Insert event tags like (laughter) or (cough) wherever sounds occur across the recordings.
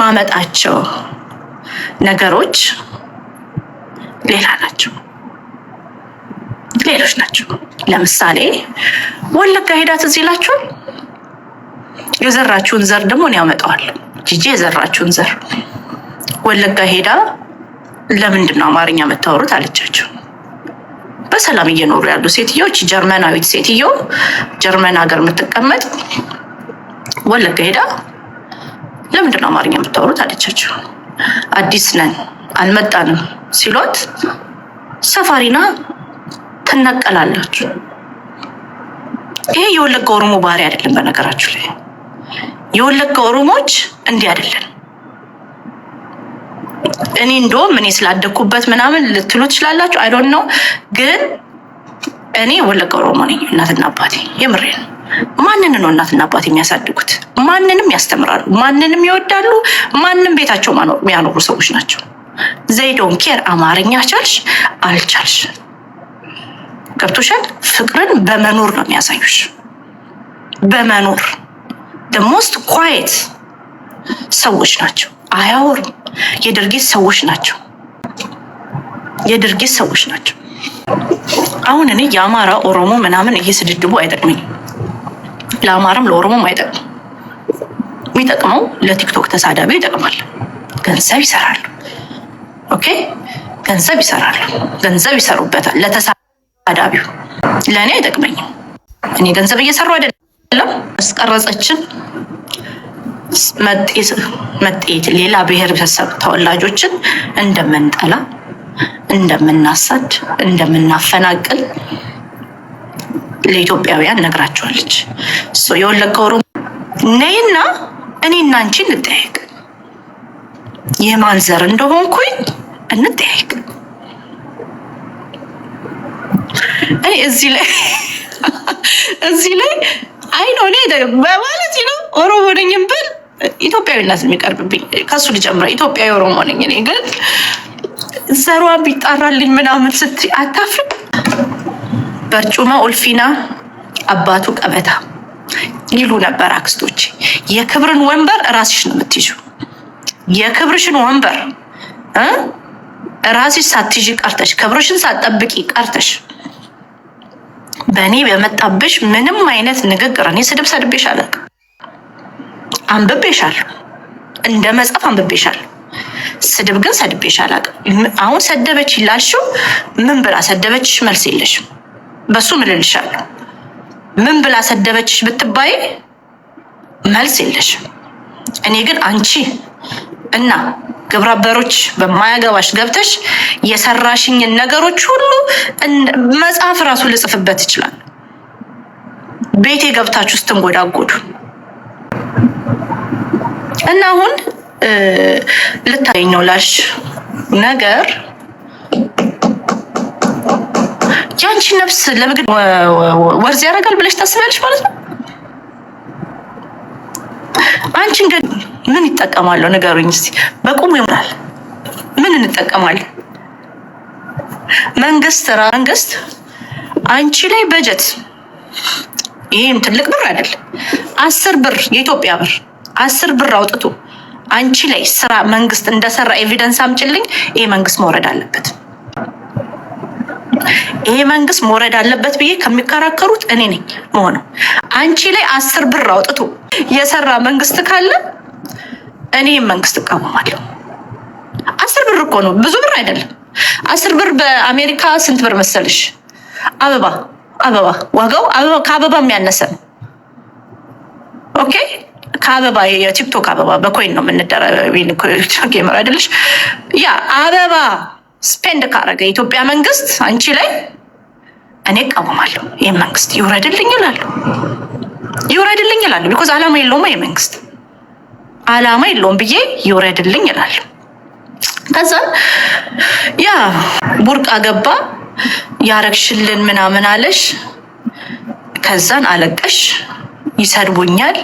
ማመጣቸው ነገሮች ሌላ ናቸው፣ ሌሎች ናቸው። ለምሳሌ ወለጋ ሄዳ እዚህ የዘራችሁን ዘር ደግሞ እኔ አመጣዋለሁ። ጂጂ የዘራችሁን ዘር ወለጋ ሄዳ ለምንድን ነው አማርኛ የምታወሩት አለቻቸው። በሰላም እየኖሩ ያሉ ሴትዮች ጀርመናዊት ሴትዮ ጀርመን ሀገር የምትቀመጥ ወለጋ ሄዳ ለምንድን ነው አማርኛ የምታወሩት አለቻቸው። አዲስ ነን አልመጣንም ሲሎት ሰፋሪና ትነቀላላችሁ። ይሄ የወለጋ ኦሮሞ ባህሪ አይደለም። በነገራችሁ ላይ የወለጋ ኦሮሞዎች እንዲህ አይደለን። እኔ እንደውም እኔ ስላደኩበት ምናምን ልትሉ ትችላላችሁ። አይዶን ነው ግን እኔ ወለጋ ኦሮሞ ነኝ እናትና አባቴ የምሬ ነው። ማንን ነው እናትና አባት የሚያሳድጉት? ማንንም ያስተምራሉ፣ ማንንም ይወዳሉ፣ ማንም ቤታቸው የሚያኖሩ ሰዎች ናቸው። ዘይዶን ኬር አማርኛ ቻልሽ አልቻልሽ ገብቶሻል። ፍቅርን በመኖር ነው የሚያሳዩሽ፣ በመኖር ደሞስት ኳየት ሰዎች ናቸው። አያወሩም። የድርጊት ሰዎች ናቸው። የድርጊት ሰዎች ናቸው። አሁን እኔ የአማራ ኦሮሞ ምናምን ይሄ ስድድቡ አይጠቅመኝም። ለአማራም ለኦሮሞም አይጠቅም። የሚጠቅመው ለቲክቶክ ተሳዳቢው ይጠቅማል። ገንዘብ ይሰራሉ። ኦኬ ገንዘብ ይሰራሉ። ገንዘብ ይሰሩበታል። ለተሳዳቢው ለእኔ አይጠቅመኝም። እኔ ገንዘብ እየሰሩ አይደለም። አስቀረጸችን መጤት ሌላ ቤተሰብ ተወላጆችን እንደምንጠላ፣ እንደምናሳድ፣ እንደምናፈናቅል ለኢትዮጵያውያን ነግራቸዋለች። የወለጋ ኦሮሞ ነይና እኔና አንቺ እንጠያየቅ፣ የማን ዘር እንደሆንኩኝ እንጠያየቅ። እኔ እዚህ ላይ (laughs) እዚህ ላይ አይ ነው በማለት ነው ኦሮሞ ነኝም ብል ኢትዮጵያዊነት የሚቀርብብኝ ከሱ ልጀምረ ኢትዮጵያዊ ኦሮሞ ነኝ። እኔ ግን ዘሯ ቢጣራልኝ ምናምን ስትይ አታፍርም? በርጩማ ኦልፊና አባቱ ቀበታ ይሉ ነበር አክስቶች። የክብርን ወንበር ራስሽ ነው የምትይዙ። የክብርሽን ወንበር ራስሽ ሳትይዥ ቀርተሽ ክብርሽን ሳትጠብቂ ቀርተሽ በእኔ በመጣብሽ ምንም አይነት ንግግር እኔ ስድብ ሰድቤሻለሁ፣ አንብቤሻለሁ፣ እንደ መጽሐፍ አንብቤሻለሁ። ስድብ ግን ሰድቤሽ አላውቅም። አሁን ሰደበች ይላልሽው ምን ብላ ሰደበችሽ? መልስ የለሽም። በሱ ምን እልሻለሁ? ምን ብላ ሰደበችሽ ብትባይ መልስ የለሽ። እኔ ግን አንቺ እና ግብረ በማያገባሽ ገብተሽ የሰራሽኝን ነገሮች ሁሉ መጽሐፍ ራሱ ልጽፍበት ይችላል። ቤቴ ገብታችሁ ስትንጎዳጎዱ እና አሁን ልታገኘው ላልሽ ነገር ያንቺ ነፍስ ለምግብ ወርዝ ያደርጋል ብለሽ ታስቢያለሽ ማለት ነው። አንቺ ግን ምን ይጠቀማለሁ ንገሩኝ እስኪ። በቁሙ ይሆናል ምን እንጠቀማለን? መንግስት ራ መንግስት አንቺ ላይ በጀት ይህም ትልቅ ብር አይደል፣ አስር ብር የኢትዮጵያ ብር አስር ብር አውጥቶ አንቺ ላይ ስራ መንግስት እንደሰራ ኤቪደንስ አምጭልኝ። ይሄ መንግስት መውረድ አለበት። ይሄ መንግስት መውረድ አለበት ብዬ ከሚከራከሩት እኔ ነኝ መሆነው። አንቺ ላይ አስር ብር አውጥቶ የሰራ መንግስት ካለ እኔ መንግስት እቃወማለሁ። አስር ብር እኮ ነው፣ ብዙ ብር አይደለም። አስር ብር በአሜሪካ ስንት ብር መሰልሽ? አበባ አበባ ዋጋው አበባ ከአበባ የሚያነሰ ነው። ኦኬ ከአበባ የቲክቶክ አበባ በኮይን ነው የምንደረ ጌመር አይደለሽ? ያ አበባ ስፔንድ ካረገ የኢትዮጵያ መንግስት አንቺ ላይ እኔ እቃወማለሁ። ይህ መንግስት ይውረድልኝ ይላሉ፣ ይውረድልኝ ይላሉ። ቢኮዝ አላማ የለውም ይህ መንግስት አላማ የለውም ብዬ ይውረድልኝ ይላሉ። ከዛ ያ ቡርቅ አገባ ያረግሽልን ምናምን አለሽ። ከዛን አለቀሽ። ይሰድቡኛል።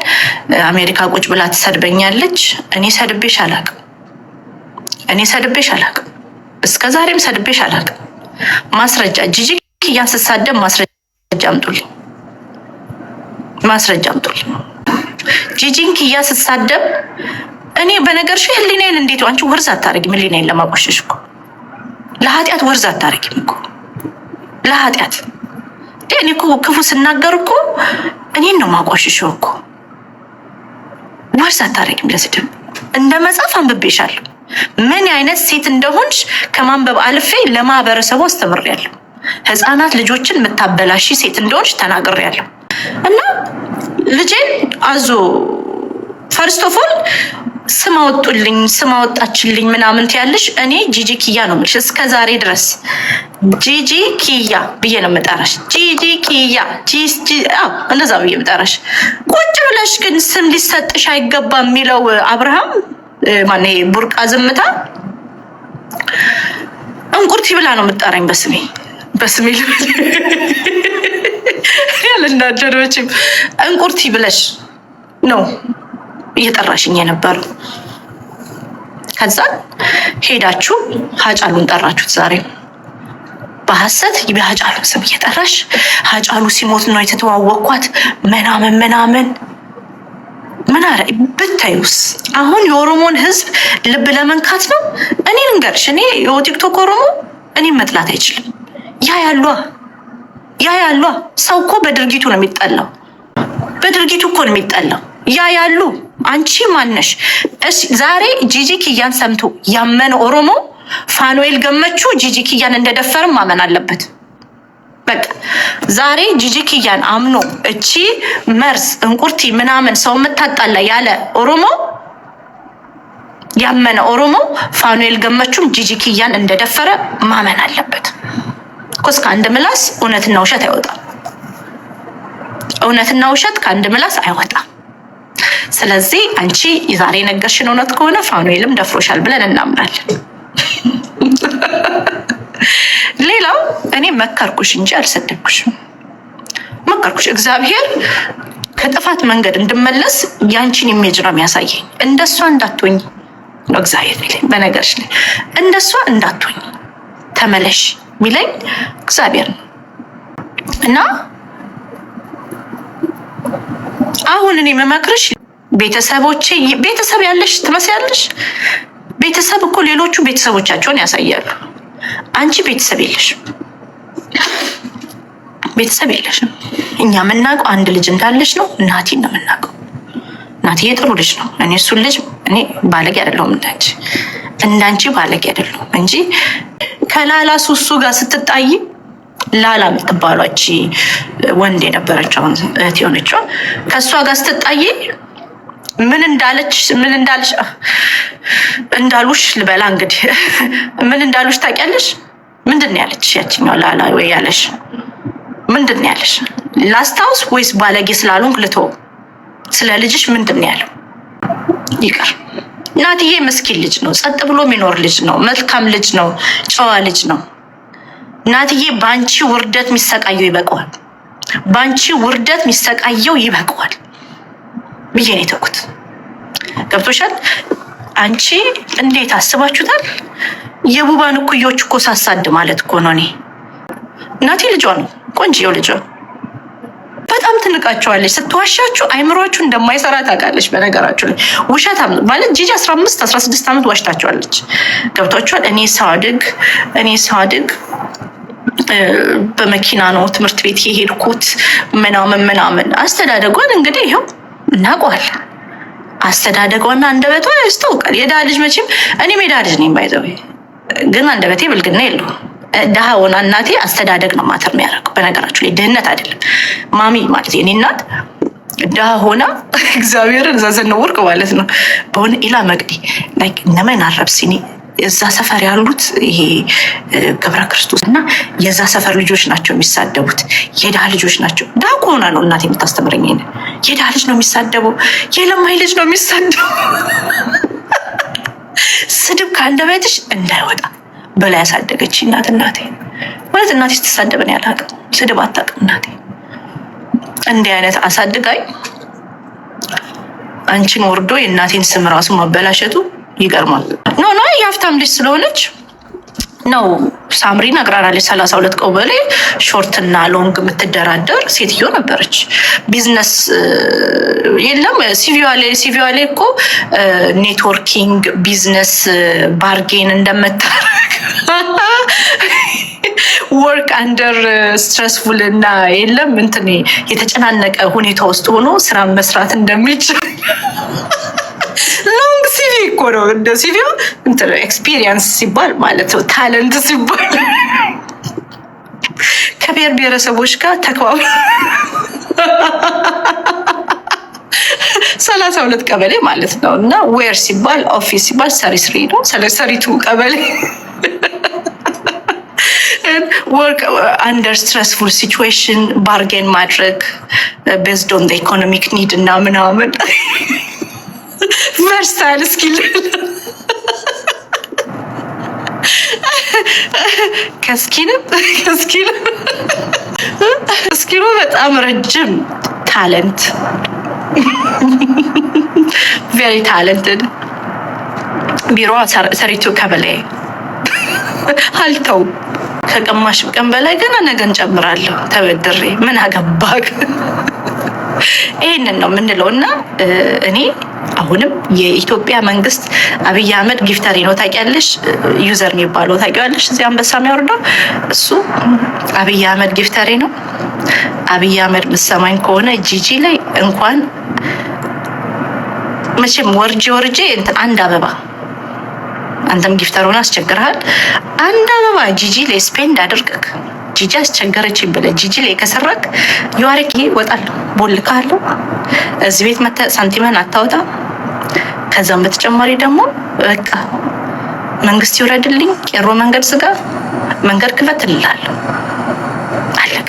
አሜሪካ ቁጭ ብላ ትሰድበኛለች። እኔ ሰድቤሽ አላቅም። እኔ ሰድቤሽ አላቅም። እስከ ዛሬም ሰድቤሽ አላውቅም። ማስረጃ ጂጂ ኪያን ስሳደብ ማስረጃ አምጡልኝ፣ ማስረጃ አምጡልኝ። ጂጂን ኪያ ስሳደብ እኔ በነገርሽ ህሊናዬን እንዴት አንቺ ወርዝ አታደርጊም። ህሊናዬን ለማቆሸሽ እኮ ለኃጢአት ወርዝ አታደርጊም እኮ ለኃጢአት እኔ እኮ ክፉ ስናገር እኮ እኔን ነው ማቆሸሽ እኮ ወርዝ አታደርጊም። ለስድብ እንደ መጽሐፍ አንብቤሻለሁ። ምን አይነት ሴት እንደሆንሽ ከማንበብ አልፌ ለማህበረሰቡ አስተምሬያለሁ። ህፃናት ልጆችን የምታበላሽ ሴት እንደሆንሽ ተናግሬያለሁ። እና ልጄን አዞ ፈርስት ኦፍ ኦል ስም አወጡልኝ ስም አወጣችልኝ ምናምን ትያለሽ። እኔ ጂጂ ኪያ ነው የምልሽ እስከ ዛሬ ድረስ ጂጂ ኪያ ብዬ ነው የምጠራሽ። ጂጂ ኪያ እንደዛ ብዬ የምጠራሽ። ቁጭ ብለሽ ግን ስም ሊሰጥሽ አይገባ የሚለው አብርሃም ማን ቡርቃ ዝምታ እንቁርቲ ብላ ነው የምጠራኝ በስሜ በስሜ ልበል ያልናደዶችም እንቁርቲ ብለሽ ነው እየጠራሽኝ የነበረው። ከዛ ሄዳችሁ ሀጫሉን ጠራችሁት። ዛሬ በሀሰት በሀጫሉ ስም እየጠራሽ ሀጫሉ ሲሞት ነው የተተዋወቅኳት ምናምን ምናምን ምን አረ ብታዩስ አሁን የኦሮሞን ህዝብ ልብ ለመንካት ነው። እኔ ልንገርሽ፣ እኔ የቲክቶክ ኦሮሞ እኔም መጥላት አይችልም። ያ ያሏ ያ ያሏ ሰው እኮ በድርጊቱ ነው የሚጠላው፣ በድርጊቱ እኮ ነው የሚጠላው። ያ ያሉ አንቺ ማነሽ? ዛሬ ጂጂ ኪያን ሰምቶ ያመነ ኦሮሞ ፋኖኤል ገመቹ ጂጂ ኪያን እንደደፈርም ማመን አለበት። በቃ ዛሬ ጂጂክያን አምኖ እቺ መርዝ እንቁርቲ ምናምን ሰው የምታጣላ ያለ ኦሮሞ ያመነ ኦሮሞ ፋኑኤል ገመቹም ጂጂክያን እንደደፈረ ማመን አለበት። ኮስ ከአንድ ምላስ እውነትና ውሸት አይወጣም። እውነትና ውሸት ከአንድ ምላስ አይወጣም። ስለዚህ አንቺ ዛሬ የነገርሽን እውነት ከሆነ ፋኑኤልም ደፍሮሻል ብለን እናምናለን። እኔ መከርኩሽ እንጂ አልሰደብኩሽም። መከርኩሽ እግዚአብሔር ከጥፋት መንገድ እንድመለስ ያንቺን ኢሜጅ ነው የሚያሳየኝ። እንደሷ እንዳትሆኝ ነው እግዚአብሔር ሚለኝ። በነገርሽ ላይ እንደሷ እንዳትሆኝ ተመለሽ ሚለኝ እግዚአብሔር ነው እና አሁን እኔ መመክርሽ ቤተሰቦቼ ቤተሰብ ያለሽ ትመስያለሽ። ቤተሰብ እኮ ሌሎቹ ቤተሰቦቻቸውን ያሳያሉ። አንቺ ቤተሰብ የለሽም። ቤተሰብ የለሽም። እኛ የምናውቀው አንድ ልጅ እንዳለች ነው። እናቴ ነው የምናውቀው። እናቴ የጥሩ ልጅ ነው። እኔ እሱን ልጅ እኔ ባለጌ አይደለሁም እንዳንቺ እንዳንቺ ባለጌ አይደለሁም እንጂ ከላላ ሱሱ ጋር ስትጣይ ላላ የምትባሏች ወንድ የነበረችው እህት የሆነችዋ ከእሷ ጋር ስትጣይ ምን እንዳለች ምን እንዳለች እንዳሉሽ ልበላ እንግዲህ ምን እንዳሉሽ ታውቂያለሽ። ምንድን ያለች ያችኛው ላላ ወይ ያለሽ ምንድን ያለሽ ላስታውስ ወይስ ባለጌ ስላሉን ልቶ ስለ ልጅሽ ምንድን ያለው ይቅር እናትዬ ምስኪን ልጅ ነው ጸጥ ብሎ የሚኖር ልጅ ነው መልካም ልጅ ነው ጨዋ ልጅ ነው እናትዬ በአንቺ ውርደት የሚሰቃየው ይበቀዋል በአንቺ ውርደት የሚሰቃየው ይበቀዋል ብዬ ነው የተውኩት ገብቶሻል አንቺ እንዴት አስባችሁታል የቡባን እኩዮች እኮ ሳሳድ ማለት እኮ ነው። እኔ እናቴ ልጇ ነው ቆንጆው ልጇ በጣም ትንቃቸዋለች። ስትዋሻችሁ አይምሯችሁ እንደማይሰራ ታውቃለች። በነገራችሁ ላይ ውሸት ማለት ጂጂ አስራ አምስት አስራ ስድስት ዓመት ዋሽታቸዋለች። ገብቷችኋል። እኔ ሳድግ እኔ ሳድግ በመኪና ነው ትምህርት ቤት የሄድኩት ምናምን ምናምን። አስተዳደጓን እንግዲህ ይኸው እናቋል። አስተዳደጓና እንደበቷ ያስታውቃል። የዳ ልጅ መቼም እኔም የዳ ልጅ ነኝ ባይዘው ግን አንደበቴ ብልግና የለውም። ድሃ ሆና እናቴ አስተዳደግ ነው ማተር የሚያደርገው። በነገራችሁ ላይ ድህነት አይደለም ማሚ ማለት የኔ እናት ድሃ ሆና (laughs) እግዚአብሔርን እዛ ወርቅ ማለት ነው በሆነ ኢላ መግዲ ነመን አረብሲኒ እዛ ሰፈር ያሉት ይሄ ገብረ ክርስቶስ እና የዛ ሰፈር ልጆች ናቸው የሚሳደቡት። የድሃ ልጆች ናቸው። ድሃ ከሆና ነው እናቴ የምታስተምረኝ። የድሃ ልጅ ነው የሚሳደበው፣ የለማይ ልጅ ነው የሚሳደበው (laughs) ስድብ ካልደበትሽ እንዳይወጣ በላይ ያሳደገች እናት እናቴ ማለት እናቴ ስትሳደብን ያላቅም ስድብ አታውቅም እናቴ። እንዲህ አይነት አሳድጋኝ አንቺን ወርዶ የእናቴን ስም ራሱ ማበላሸቱ ይገርማል። ኖ ኖ የሀብታም ልጅ ስለሆነች ነው ሳምሪ ነግራናለች። ሰላሳ ሁለት ቀበሌ ሾርት እና ሎንግ የምትደራደር ሴትዮ ነበረች። ቢዝነስ የለም ሲቪዋ ላይ ሲቪዋ ላይ እኮ ኔትወርኪንግ፣ ቢዝነስ፣ ባርጌን እንደምታረግ (laughs) ወርክ አንደር ስትረስፉል እና የለም እንትን የተጨናነቀ ሁኔታ ውስጥ ሆኖ ስራ መስራት እንደሚችል (laughs) ሎንግ ሲቪ እኮ ነው። እንደ ሲቪው ኤክስፒሪየንስ ሲባል ማለት ነው፣ ታለንት ሲባል ከብሔር ብሔረሰቦች ጋር ተግባብ (laughs) ሰላሳ ሁለት ቀበሌ ማለት ነው እና ዌር ሲባል ኦፊስ ሲባል ሰሪስሪ ነው። ሰሪቱ ቀበሌ ወርክ አንደር ስትረስፉል ሲቹዌሽን ባርጌን ማድረግ ቤዝድ ኦን ኢኮኖሚክ ኒድ እና ምናምን ቨርሳይል ስኪል ከስኪንም ከስኪንም ስኪሉ በጣም ረጅም ታለንት ቬሪ ታለንትድ ቢሮ ሰሪቱ ከበላይ አልተው ከቀማሽ ቀን በላይ ገና ነገ እንጨምራለሁ ተበድሬ ምን አገባክ? ይህንን ነው የምንለው እና እኔ አሁንም የኢትዮጵያ መንግስት አብይ አህመድ ጊፍተሪ ነው ታውቂያለሽ፣ ዩዘር የሚባለው ታውቂዋለሽ፣ እዚህ አንበሳ የሚያወርደው እሱ አብይ አህመድ ጊፍተሪ ነው። አብይ አህመድ ምሰማኝ ከሆነ ጂጂ ላይ እንኳን መቼም ወርጄ ወርጄ አንድ አበባ አንተም ጊፍተር ሆነ አስቸግረሃል። አንድ አበባ ጂጂ ላይ ስፔንድ አድርገክ ጂጂ አስቸገረች ብለህ ጂጂ ላይ ከሰራክ የዋረክ ይወጣል ቦልካለሁ። እዚህ ቤት መተህ ሳንቲምህን አታወጣም። ከዛም በተጨማሪ ደግሞ በቃ መንግስት ይውረድልኝ፣ ቄሮ መንገድ ስጋ መንገድ ክፈት እላለሁ። አለቀ።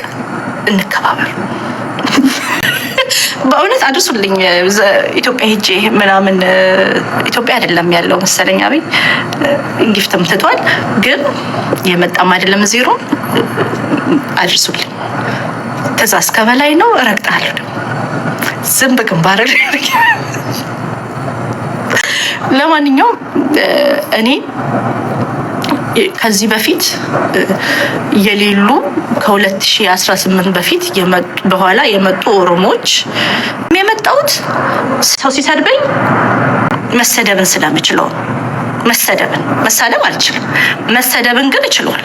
እንከባበር። (laughs) በእውነት አድርሱልኝ። ኢትዮጵያ ሄጄ ምናምን ኢትዮጵያ አይደለም ያለው መሰለኝ። አብይ ጊፍትም ትቷል፣ ግን የመጣም አይደለም ዜሮ። አድርሱልኝ። ትእዛዝ ከበላይ ነው። እረግጣለሁ። ዝም በግንባር ለማንኛውም እኔ ከዚህ በፊት የሌሉ ከ2018 በፊት በኋላ የመጡ ኦሮሞዎች የመጣሁት ሰው ሲሰድበኝ መሰደብን ስለምችለው መሰደብን መሳደብ አልችልም። መሰደብን ግን እችሏል።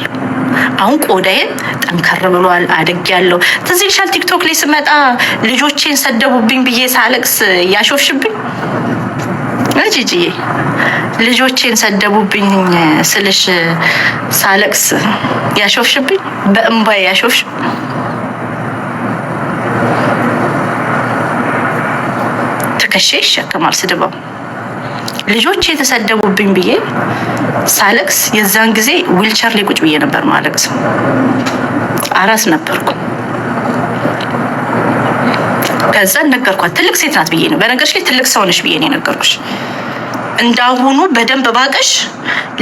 አሁን ቆዳዬን ጠንከር ብሏል፣ ያለው ትዝ ይልሻል ቲክቶክ ላይ ስመጣ ልጆቼን ሰደቡብኝ ብዬ ሳለቅስ እያሾፍሽብኝ ጂጂዬ ልጆቼን ሰደቡብኝ ስልሽ ሳለቅስ ያሾፍሽብኝ፣ በእምባዬ ያሾፍሽ ትከሻ ይሸከማል ስድባው። ልጆቼ የተሰደቡብኝ ብዬ ሳለቅስ የዛን ጊዜ ዊልቸር ላይ ቁጭ ብዬ ነበር ማለቅስ አራስ ነበርኩ። ከዛ ነገርኳት። ትልቅ ሴት ናት ብዬ ነው በነገርሽ ላይ ትልቅ ሰው ነሽ ብዬ ነው የነገርኩሽ። እንዳሁኑ በደንብ ባቀሽ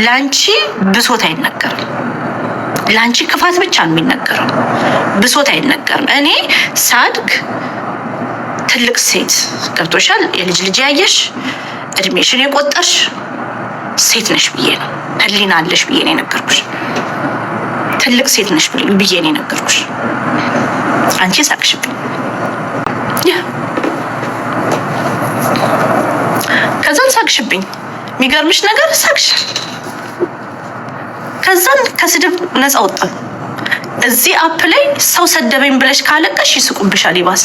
ለአንቺ ብሶት አይነገርም። ለአንቺ ክፋት ብቻ ነው የሚነገረው፣ ብሶት አይነገርም። እኔ ሳድግ ትልቅ ሴት ገብቶሻል፣ የልጅ ልጅ ያየሽ እድሜሽን የቆጠርሽ ሴት ነሽ ብዬ ነው ህሊና አለሽ ብዬ ነው የነገርኩሽ። ትልቅ ሴት ነሽ ብዬ ነው የነገርኩሽ። አንቺ ሳቅሽብኝ። ከዛን ሳቅሽብኝ። የሚገርምሽ ነገር ሳቅሽ። ከዛን ከስድብ ነፃ ወጣ። እዚህ አፕ ላይ ሰው ሰደበኝ ብለሽ ካለቀሽ ይስቁብሻል። ይባስ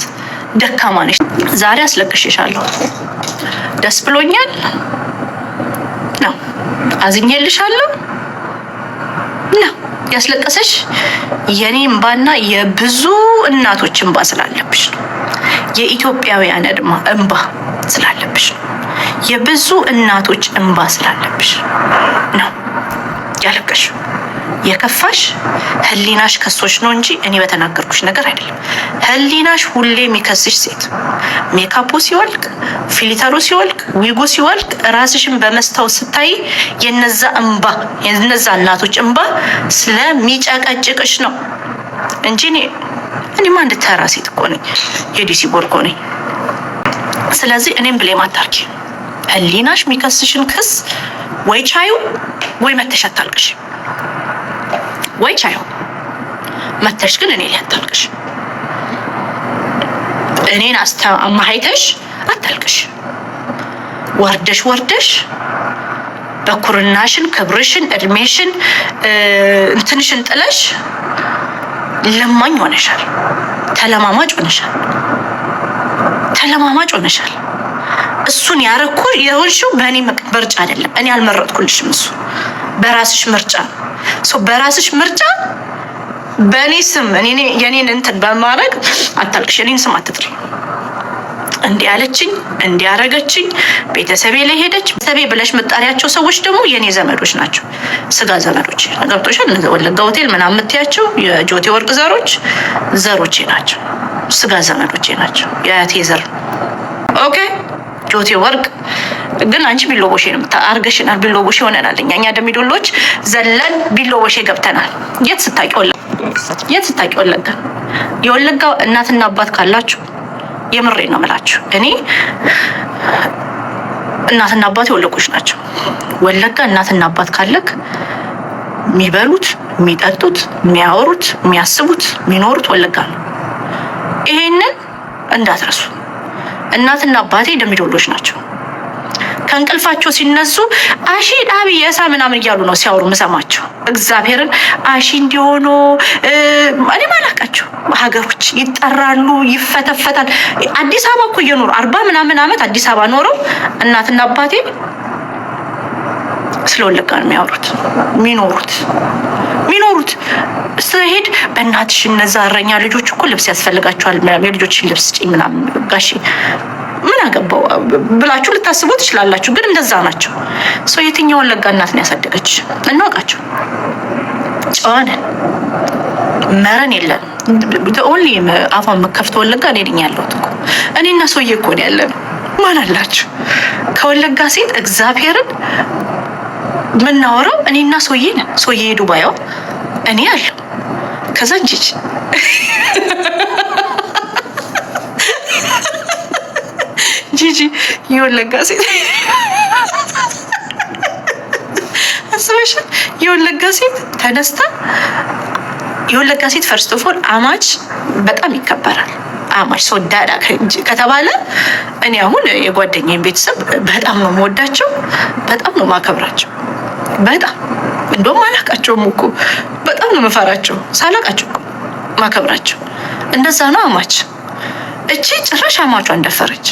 ደካማ ነሽ። ዛሬ አስለቅሽሻለሁ። ደስ ብሎኛል ነው አዝኜልሻለሁ ነው ያስለቀሰሽ የኔ እምባና የብዙ እናቶች እምባ ስላለብሽ ነው። የኢትዮጵያውያን እንባ ስላለብሽ ነው። የብዙ እናቶች እንባ ስላለብሽ ነው ያለቀሽ የከፋሽ ህሊናሽ ከሶች ነው እንጂ እኔ በተናገርኩሽ ነገር አይደለም። ህሊናሽ ሁሌ የሚከስሽ ሴት ሜካፑ ሲወልቅ፣ ፊሊተሩ ሲወልቅ፣ ዊጉ ሲወልቅ ራስሽን በመስታወት ስታይ የነዛ እንባ የነዛ እናቶች እንባ ስለሚጨቀጭቅሽ ነው እንጂ እኔማ አንድ ተራ ሴት እኮ ነኝ፣ የዲሲ ቦር እኮ ነኝ። ስለዚህ እኔም ብሌም አታርጊ። ህሊናሽ የሚከስሽን ክስ ወይ ቻዩ ወይ መተሽ አታልቅሽ፣ ወይ ቻዩ መተሽ ግን እኔ ላይ አታልቅሽ። እኔን አስተማሀይተሽ አታልቅሽ። ወርደሽ ወርደሽ በኩርናሽን ክብርሽን እድሜሽን እንትንሽን ጥለሽ ለማኝ ሆነሻል፣ ተለማማጭ ሆነሻል፣ ተለማማጭ ሆነሻል። እሱን ያረኩ የሆንሽው በእኔ ምርጫ አይደለም። እኔ አልመረጥኩልሽም። እሱ በራስሽ ምርጫ በራስሽ ምርጫ በእኔ ስም የኔን እንትን በማድረግ አታልቅሽ። የኔን ስም አትጥሪ። እንዲያለችኝ እንዲያረገችኝ እንዲህ አረገችኝ፣ ቤተሰቤ ላይ ሄደች። ቤተሰቤ ብለሽ መጣሪያቸው ሰዎች ደግሞ የእኔ ዘመዶች ናቸው፣ ስጋ ዘመዶች ገብቶሻል። ወለጋ ሆቴል ምናምን የምትያቸው የጆቴ ወርቅ ዘሮች ዘሮቼ ናቸው፣ ስጋ ዘመዶቼ ናቸው፣ የአያቴ ዘር ኦኬ ጆቴ ወርቅ ግን አንቺ ቢሎቦሼ ነው አርገሽናል። ቢሎቦሼ ሆነናል። እኛ እኛ ደሚዶሎች ዘለን ቢሎቦሼ ገብተናል። የት ስታቂ ወለጋ፣ የት ስታቂ ወለጋ። የወለጋ እናትና አባት ካላችሁ የምሬ ነው ምላችሁ እኔ እናትና አባት የወለቆች ናቸው። ወለጋ እናትና አባት ካለክ የሚበሉት፣ የሚጠጡት፣ የሚያወሩት፣ የሚያስቡት፣ የሚኖሩት ወለጋ ነው። ይሄንን እንዳትረሱ። እናትና አባቴ ደምቢዶሎች ናቸው። ከእንቅልፋቸው ሲነሱ አሺ ዳቢ የሳ ምናምን እያሉ ነው ሲያወሩ ምሰማቸው። እግዚአብሔርን አሺ እንዲሆኑ እኔ ማላቃቸው ሀገሮች ይጠራሉ፣ ይፈተፈታል። አዲስ አበባ እኮ እየኖሩ አርባ ምናምን አመት አዲስ አበባ ኖረው እናትና አባቴ ስለ ወለጋ ነው የሚያወሩት የሚኖሩት የሚኖሩት ስሄድ በእናትሽ እነዛ እረኛ ልጆች እኮ ልብስ ያስፈልጋቸዋል፣ የልጆችን ልብስ ጭኝ ምናምን ጋሼ አገባው ብላችሁ ልታስቡ ትችላላችሁ፣ ግን እንደዛ ናቸው። ሰው የትኛውን ለጋ እናትን ያሳደገች እናውቃቸው። ጨዋ መረን የለን። ኦንሊ አፏን መከፍተ ወለጋ እኔ ነኝ ያለሁት እኮ እኔና ሰውዬ እኮ ነው ማን አላችሁ ከወለጋ ሴት እግዚአብሔርን የምናወራው እኔና ሰውዬ ነን። ሰውዬ ዱባያው እኔ አለው ከዛ እንጂች ጂጂ የወለጋ ሴት አስበሽን የወለጋ ሴት ተነስታ የወለጋ ሴት ፈርስት ኦፍ ኦል አማች በጣም ይከበራል። አማች ከተባለ እኔ አሁን የጓደኛዬን ቤተሰብ በጣም ነው የምወዳቸው፣ በጣም ነው ማከብራቸው። በጣም እንደውም አላቃቸውም እኮ በጣም ነው መፈራቸው፣ ሳላቃቸው ማከብራቸው። እንደዛ ነው አማች። እቺ ጭራሽ አማቿን ደፈረች።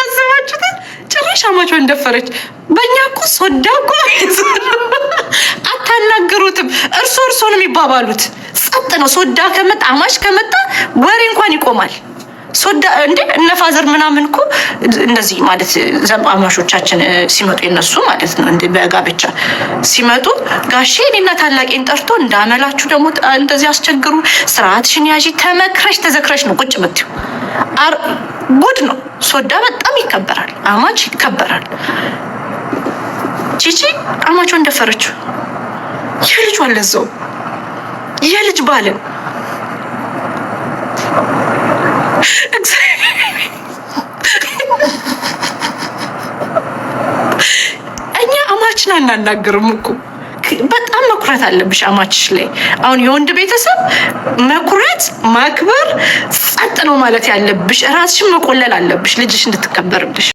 አስባችሁትን ጭራሽ አማቿን ደፈረች። በእኛ እኮ ሶዳ እኮ አታናግሩትም። እርሶ እርሶ ነው የሚባባሉት። ጸጥ ነው። ሶዳ ከመጣ አማሽ ከመጣ ወሬ እንኳን ይቆማል። ሶዳ እንዴ እነፋዘር ምናምን እኮ እንደዚህ ማለት ዘማማሾቻችን ሲመጡ የነሱ ማለት ነው በጋብቻ ሲመጡ ጋሼ እኔና ታላቄን ጠርቶ እንዳመላችሁ ደግሞ እንደዚህ አስቸግሩ፣ ስርዓትሽን ያዢ፣ ተመክረሽ ተዘክረሽ ነው ቁጭ አር ጉድ ነው ሶዳ። በጣም ይከበራል፣ አማች ይከበራል። ቺቺ አማቿ እንደፈረችው የልጇ አለዘው የልጅ ባልን እኛ አማችን አናናግርም እኮ በጣም መኩራት አለብሽ አማችሽ ላይ። አሁን የወንድ ቤተሰብ መኩራት፣ ማክበር፣ ጸጥ ነው ማለት ያለብሽ። ራስሽን መቆለል አለብሽ ልጅሽ እንድትከበርብሽ